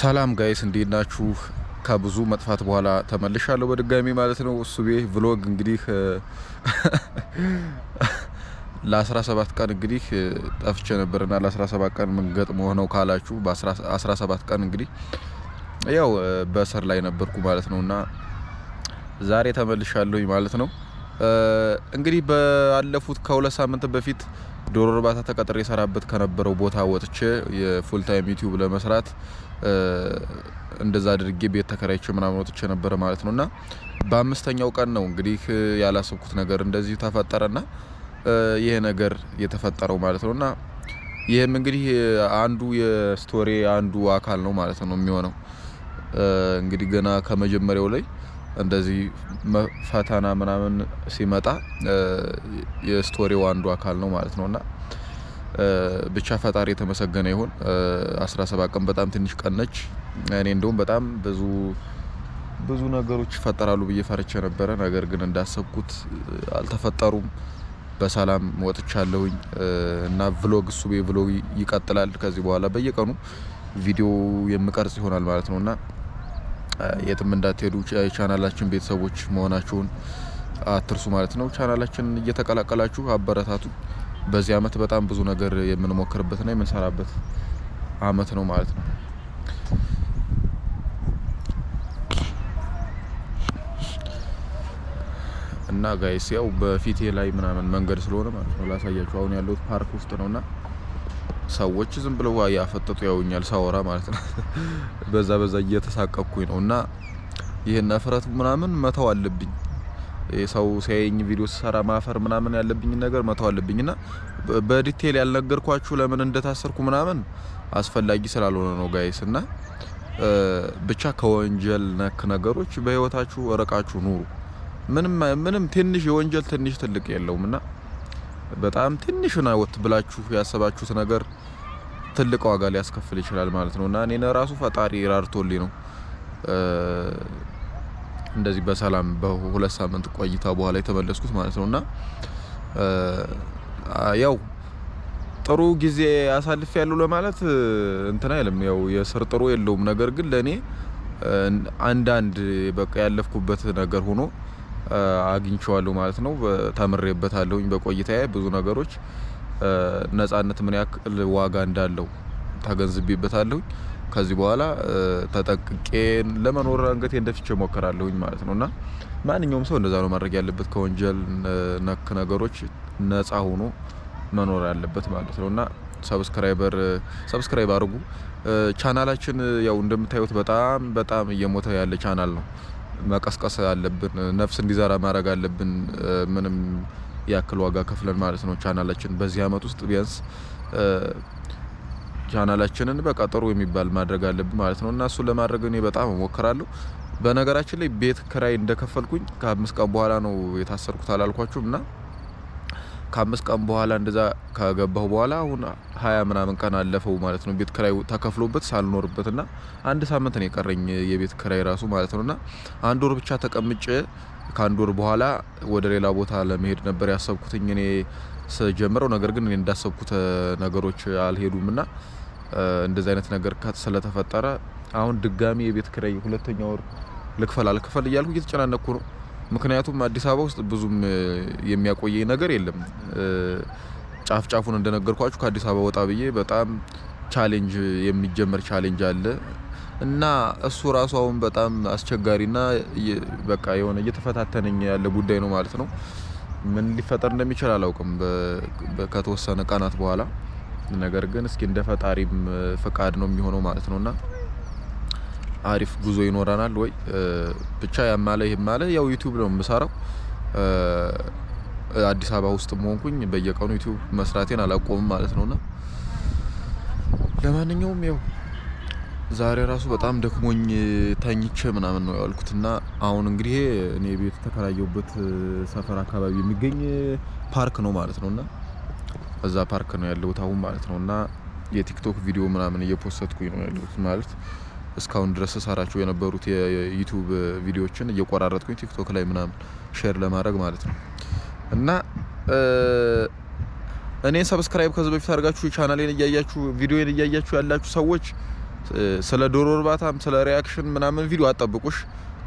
ሰላም ጋይስ እንዴት ናችሁ? ከብዙ መጥፋት በኋላ ተመልሻለሁ በድጋሚ ማለት ነው። ቤ ቭሎግ እንግዲህ ለ17 ቀን እንግዲህ ጠፍቼ ነበርና ለ17 ቀን ምን ገጥሞ ነው ካላችሁ በ17 ቀን እንግዲህ ያው በእስር ላይ ነበርኩ ማለት ነውና ዛሬ ተመልሻለሁኝ ማለት ነው። እንግዲህ ባለፉት ከሁለት ሳምንት በፊት ዶሮ እርባታ ተቀጥሬ የሰራበት ከነበረው ቦታ ወጥቼ የፉል ታይም ዩቲዩብ ለመስራት እንደዛ አድርጌ ቤት ተከራይቼ ምናምን ወጥቼ ነበረ ማለት ነው። እና በአምስተኛው ቀን ነው እንግዲህ ያላሰብኩት ነገር እንደዚህ ተፈጠረና ይሄ ነገር የተፈጠረው ማለት ነው። እና ይህም እንግዲህ አንዱ የስቶሪ አንዱ አካል ነው ማለት ነው የሚሆነው እንግዲህ ገና ከመጀመሪያው ላይ እንደዚህ ፈተና ምናምን ሲመጣ የስቶሪው አንዱ አካል ነው ማለት ነው እና ብቻ ፈጣሪ የተመሰገነ ይሁን። 17 ቀን በጣም ትንሽ ቀን ነች። እኔ እንደውም በጣም ብዙ ብዙ ነገሮች ይፈጠራሉ ብዬ ፈርቼ ነበረ። ነገር ግን እንዳሰብኩት አልተፈጠሩም። በሰላም ወጥቻለሁኝ እና ቭሎግ እሱ ቤ ቭሎግ ይቀጥላል። ከዚህ በኋላ በየቀኑ ቪዲዮ የምቀርጽ ይሆናል ማለት ነው እና የትም እንዳትሄዱ ቻናላችን ቤተሰቦች መሆናችሁን አትርሱ ማለት ነው። ቻናላችን እየተቀላቀላችሁ አበረታቱ። በዚህ አመት በጣም ብዙ ነገር የምንሞክርበትና የምንሰራበት አመት ነው ማለት ነው። እና ጋይስ ያው በፊቴ ላይ ምናምን መንገድ ስለሆነ ማለት ነው ላሳያችሁ። አሁን ያለሁት ፓርክ ውስጥ ነውና ሰዎች ዝም ብለው ያፈጠጡ ያውኛል ሳወራ ማለት ነው። በዛ በዛ እየተሳቀኩኝ ነው እና ይህን እፍረት ምናምን መተው አለብኝ። ሰው ሲያየኝ ቪዲዮ ስሰራ ማፈር ምናምን ያለብኝ ነገር መተው አለብኝ እና በዲቴል ያልነገርኳችሁ ለምን እንደታሰርኩ ምናምን አስፈላጊ ስላልሆነ ነው ጋይስ። እና ብቻ ከወንጀል ነክ ነገሮች በህይወታችሁ ወረቃችሁ ኑሩ። ምንም ምንም ትንሽ የወንጀል ትንሽ ትልቅ የለውም እና በጣም ትንሹን ወት ብላችሁ ያሰባችሁት ነገር ትልቅ ዋጋ ሊያስከፍል ይችላል ማለት ነው እና እኔን ራሱ ፈጣሪ ራርቶልኝ ነው እንደዚህ በሰላም በሁለት ሳምንት ቆይታ በኋላ የተመለስኩት ማለት ነው እና ያው ጥሩ ጊዜ አሳልፍ ያለው ለማለት እንትን አይልም። ያው የስር ጥሩ የለውም። ነገር ግን ለእኔ አንዳንድ በቃ ያለፍኩበት ነገር ሆኖ አግኝቸዋለሁ ማለት ነው። ተምሬበታለሁኝ። በቆይታዬ ብዙ ነገሮች ነጻነት ምን ያክል ዋጋ እንዳለው ተገንዝቤበታለሁኝ። ከዚህ በኋላ ተጠቅቄ ለመኖር አንገቴ እንደፍቼ ሞከራለሁኝ ማለት ነው እና ማንኛውም ሰው እንደዛ ነው ማድረግ ያለበት። ከወንጀል ነክ ነገሮች ነጻ ሆኖ መኖር ያለበት ማለት ነው እና ሰብስክራይበር ሰብስክራይብ አድርጉ። ቻናላችን ያው እንደምታዩት በጣም በጣም እየሞተ ያለ ቻናል ነው። መቀስቀስ አለብን፣ ነፍስ እንዲዘራ ማድረግ አለብን። ምንም ያክል ዋጋ ከፍለን ማለት ነው። ቻናላችን በዚህ አመት ውስጥ ቢያንስ ቻናላችንን በቃ ጥሩ የሚባል ማድረግ አለብን ማለት ነው እና እሱን ለማድረግ እኔ በጣም እሞክራለሁ። በነገራችን ላይ ቤት ክራይ እንደከፈልኩኝ ከአምስት ቀን በኋላ ነው የታሰርኩት አላልኳችሁም እና ከአምስት ቀን በኋላ እንደዛ ከገባሁ በኋላ አሁን ሀያ ምናምን ቀን አለፈው ማለት ነው። ቤት ክራይ ተከፍሎበት ሳልኖርበት ና አንድ ሳምንት ነው የቀረኝ የቤት ክራይ ራሱ ማለት ነው። ና አንድ ወር ብቻ ተቀምጬ ከአንድ ወር በኋላ ወደ ሌላ ቦታ ለመሄድ ነበር ያሰብኩትኝ እኔ ስጀምረው። ነገር ግን እኔ እንዳሰብኩት ነገሮች አልሄዱም ና እንደዚህ አይነት ነገር ስለተፈጠረ አሁን ድጋሚ የቤት ክራይ ሁለተኛ ወር ልክፈል አልክፈል እያልኩ እየተጨናነቅኩ ነው። ምክንያቱም አዲስ አበባ ውስጥ ብዙም የሚያቆየኝ ነገር የለም። ጫፍ ጫፉን እንደነገርኳችሁ ከአዲስ አበባ ወጣ ብዬ በጣም ቻሌንጅ የሚጀመር ቻሌንጅ አለ እና እሱ ራሱ አሁን በጣም አስቸጋሪና በቃ የሆነ እየተፈታተነኝ ያለ ጉዳይ ነው ማለት ነው። ምን ሊፈጠር እንደሚችል አላውቅም ከተወሰነ ቀናት በኋላ ነገር ግን እስኪ እንደ ፈጣሪም ፍቃድ ነው የሚሆነው ማለት ነውና አሪፍ ጉዞ ይኖረናል ወይ? ብቻ ያማለ ይማለ ያው ዩቲዩብ ነው የምሰራው። አዲስ አበባ ውስጥ ሆንኩኝ በየቀኑ ዩቲዩብ መስራቴን አላቆምም ማለት ነውና ለማንኛውም ያው ዛሬ ራሱ በጣም ደክሞኝ ተኝቼ ምናምን ነው ያልኩት እና አሁን እንግዲህ እኔ ቤት ተከራየሁበት ሰፈር አካባቢ የሚገኝ ፓርክ ነው ማለት ነውና እዛ ፓርክ ነው ያለሁት አሁን ማለት ነውና የቲክቶክ ቪዲዮ ምናምን እየፖስተትኩኝ ነው ያለሁት ማለት እስካሁን ድረስ ሰራቸው የነበሩት የዩቲዩብ ቪዲዮዎችን እየቆራረጥኩኝ ቲክቶክ ላይ ምናምን ሼር ለማድረግ ማለት ነው። እና እኔ ሰብስክራይብ ከዚህ በፊት አድርጋችሁ ቻናሌን እያያችሁ ቪዲዮን እያያችሁ ያላችሁ ሰዎች ስለ ዶሮ እርባታም ስለ ሪያክሽን ምናምን ቪዲዮ አጠብቁሽ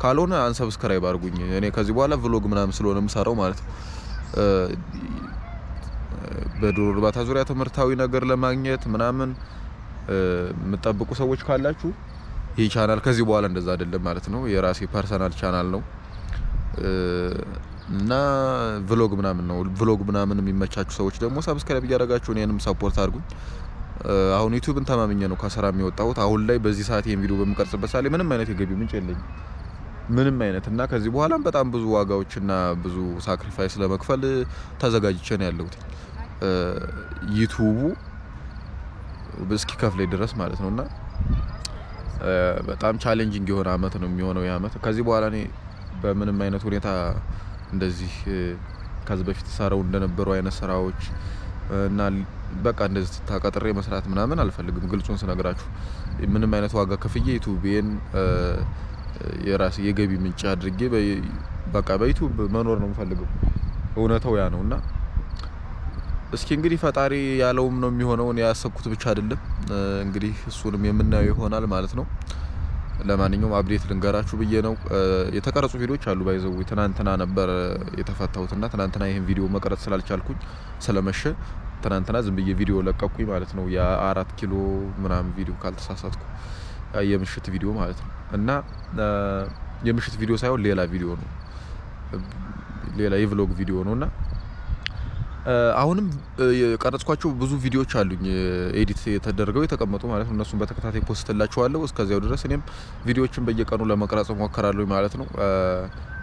ካልሆነ አንሰብስክራይብ አድርጉኝ። እኔ ከዚህ በኋላ ቭሎግ ምናምን ስለሆነ የምሰራው ማለት ነው። በዶሮ እርባታ ዙሪያ ትምህርታዊ ነገር ለማግኘት ምናምን የምጠብቁ ሰዎች ካላችሁ ይህ ቻናል ከዚህ በኋላ እንደዛ አይደለም ማለት ነው። የራሴ ፐርሰናል ቻናል ነው እና ቭሎግ ምናምን ነው። ቭሎግ ምናምን የሚመቻችሁ ሰዎች ደግሞ ሰብስክራይብ እያደረጋችሁ እኔንም ሰፖርት አድርጉኝ። አሁን ዩቱብን ተማምኘ ነው ከስራ የሚወጣሁት። አሁን ላይ በዚህ ሰዓት ይህን ቪዲዮ በምቀርጽበት ሳ ምንም አይነት የገቢ ምንጭ የለኝም ምንም አይነት እና ከዚህ በኋላም በጣም ብዙ ዋጋዎችና ብዙ ሳክሪፋይስ ለመክፈል ተዘጋጅቼ ነው ያለሁት ዩቱቡ እስኪ ከፍለኝ ድረስ ማለት ነው እና በጣም ቻሌንጂንግ የሆነ አመት ነው የሚሆነው የአመት ከዚህ በኋላ እኔ በምንም አይነት ሁኔታ እንደዚህ ከዚህ በፊት ሰራው እንደነበሩ አይነት ስራዎች እና በቃ እንደዚህ ታቀጥሬ መስራት ምናምን አልፈልግም። ግልጹን ስነግራችሁ ምንም አይነት ዋጋ ከፍዬ ዩቱቤን የራሴ የገቢ ምንጭ አድርጌ በቃ በዩቱብ መኖር ነው የምፈልገው። እውነተው ያ ነው እና እስኪ እንግዲህ ፈጣሪ ያለውም ነው የሚሆነው። እኔ ያሰብኩት ብቻ አይደለም። እንግዲህ እሱንም የምናየው ይሆናል ማለት ነው። ለማንኛውም አብዴት ልንገራችሁ ብዬ ነው። የተቀረጹ ቪዲዮዎች አሉ ባይዘው ትናንትና ነበር እና ትናንትና ይህን ቪዲዮ መቅረጽ ስላልቻልኩኝ ስለመሸ ትናንትና ዝም ብዬ ቪዲዮ ለቀኩኝ ማለት ነው። የአራት ኪሎ ምናምን ቪዲዮ ካልተሳሳትኩ የምሽት ቪዲዮ ማለት ነው። እና የምሽት ቪዲዮ ሳይሆን ሌላ ቪዲዮ ነው፣ ሌላ የቭሎግ ቪዲዮ ነው እና አሁንም የቀረጽኳቸው ብዙ ቪዲዮዎች አሉኝ ኤዲት የተደረገው የተቀመጡ ማለት ነው። እነሱን በተከታታይ ፖስት እስከዚያው ድረስ እኔም ቪዲዮዎችን በየቀኑ ለመቅረጽ ሞከራለሁ ማለት ነው።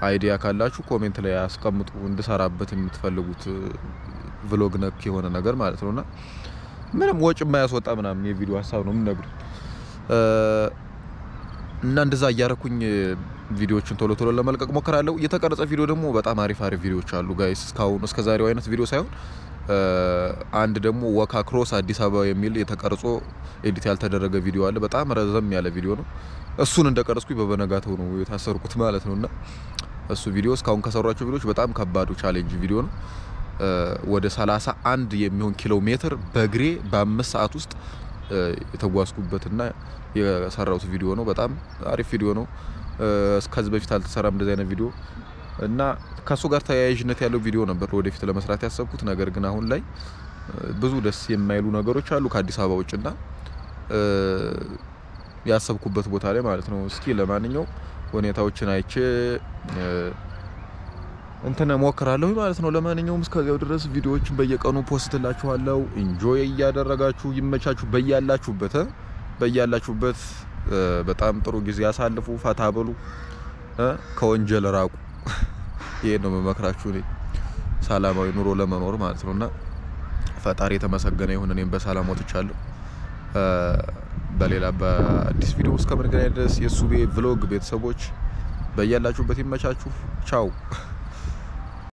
አይዲያ ካላችሁ ኮሜንት ላይ ያስቀምጡ፣ እንድሰራበት የምትፈልጉት ቭሎግ ነክ የሆነ ነገር ማለት ነውና ምንም ወጪ የማያስወጣ ምናምን የቪዲዮ ሀሳብ ነው የምነግሩ እና እንደዛ እያረኩኝ ቪዲዮዎችን ቶሎ ቶሎ ለመልቀቅ ሞክራለሁ። የተቀረጸ ቪዲዮ ደግሞ በጣም አሪፍ አሪፍ ቪዲዮዎች አሉ ጋይስ። እስካሁን እስከ ዛሬው አይነት ቪዲዮ ሳይሆን አንድ ደግሞ ወካ ክሮስ አዲስ አበባ የሚል የተቀርጾ ኤዲት ያልተደረገ ቪዲዮ አለ። በጣም ረዘም ያለ ቪዲዮ ነው። እሱን እንደቀረጽኩኝ በበነጋተው ነው የታሰርኩት ማለት እና እሱ ቪዲዮ እስካሁን ከሰሯቸው ቪዲዮዎች በጣም ከባዱ ቻሌንጅ ቪዲዮ ነው። ወደ 31 የሚሆን ኪሎ ሜትር በእግሬ በአምስት ሰዓት ውስጥ የተጓዝኩበትና የሰራሁት ቪዲዮ ነው። በጣም አሪፍ ቪዲዮ ነው። ከዚህ በፊት አልተሰራም እንደዚህ አይነት ቪዲዮ እና ከእሱ ጋር ተያያዥነት ያለው ቪዲዮ ነበር ወደፊት ለመስራት ያሰብኩት። ነገር ግን አሁን ላይ ብዙ ደስ የማይሉ ነገሮች አሉ ከአዲስ አበባ ውጭና ያሰብኩበት ቦታ ላይ ማለት ነው። እስኪ ለማንኛውም ሁኔታዎችን አይቼ እንትን እሞክራለሁ ማለት ነው። ለማንኛውም እስከዚያው ድረስ ቪዲዮዎችን በየቀኑ ፖስትላችኋለሁ። ኢንጆይ እያደረጋችሁ ይመቻችሁ በያላችሁበት በያላችሁበት በጣም ጥሩ ጊዜ አሳልፉ፣ ፈታ በሉ፣ ከወንጀል ራቁ። ይሄ ነው መመክራችሁ እኔ ሰላማዊ ኑሮ ለመኖር ማለት ነውና ፈጣሪ የተመሰገነ ይሁን። እኔም በሰላም ወጥቻለሁ። በሌላ በአዲስ ቪዲዮ እስከምንገናኝ ድረስ የሱቤ ቪሎግ ቤተሰቦች በያላችሁበት ይመቻችሁ። ቻው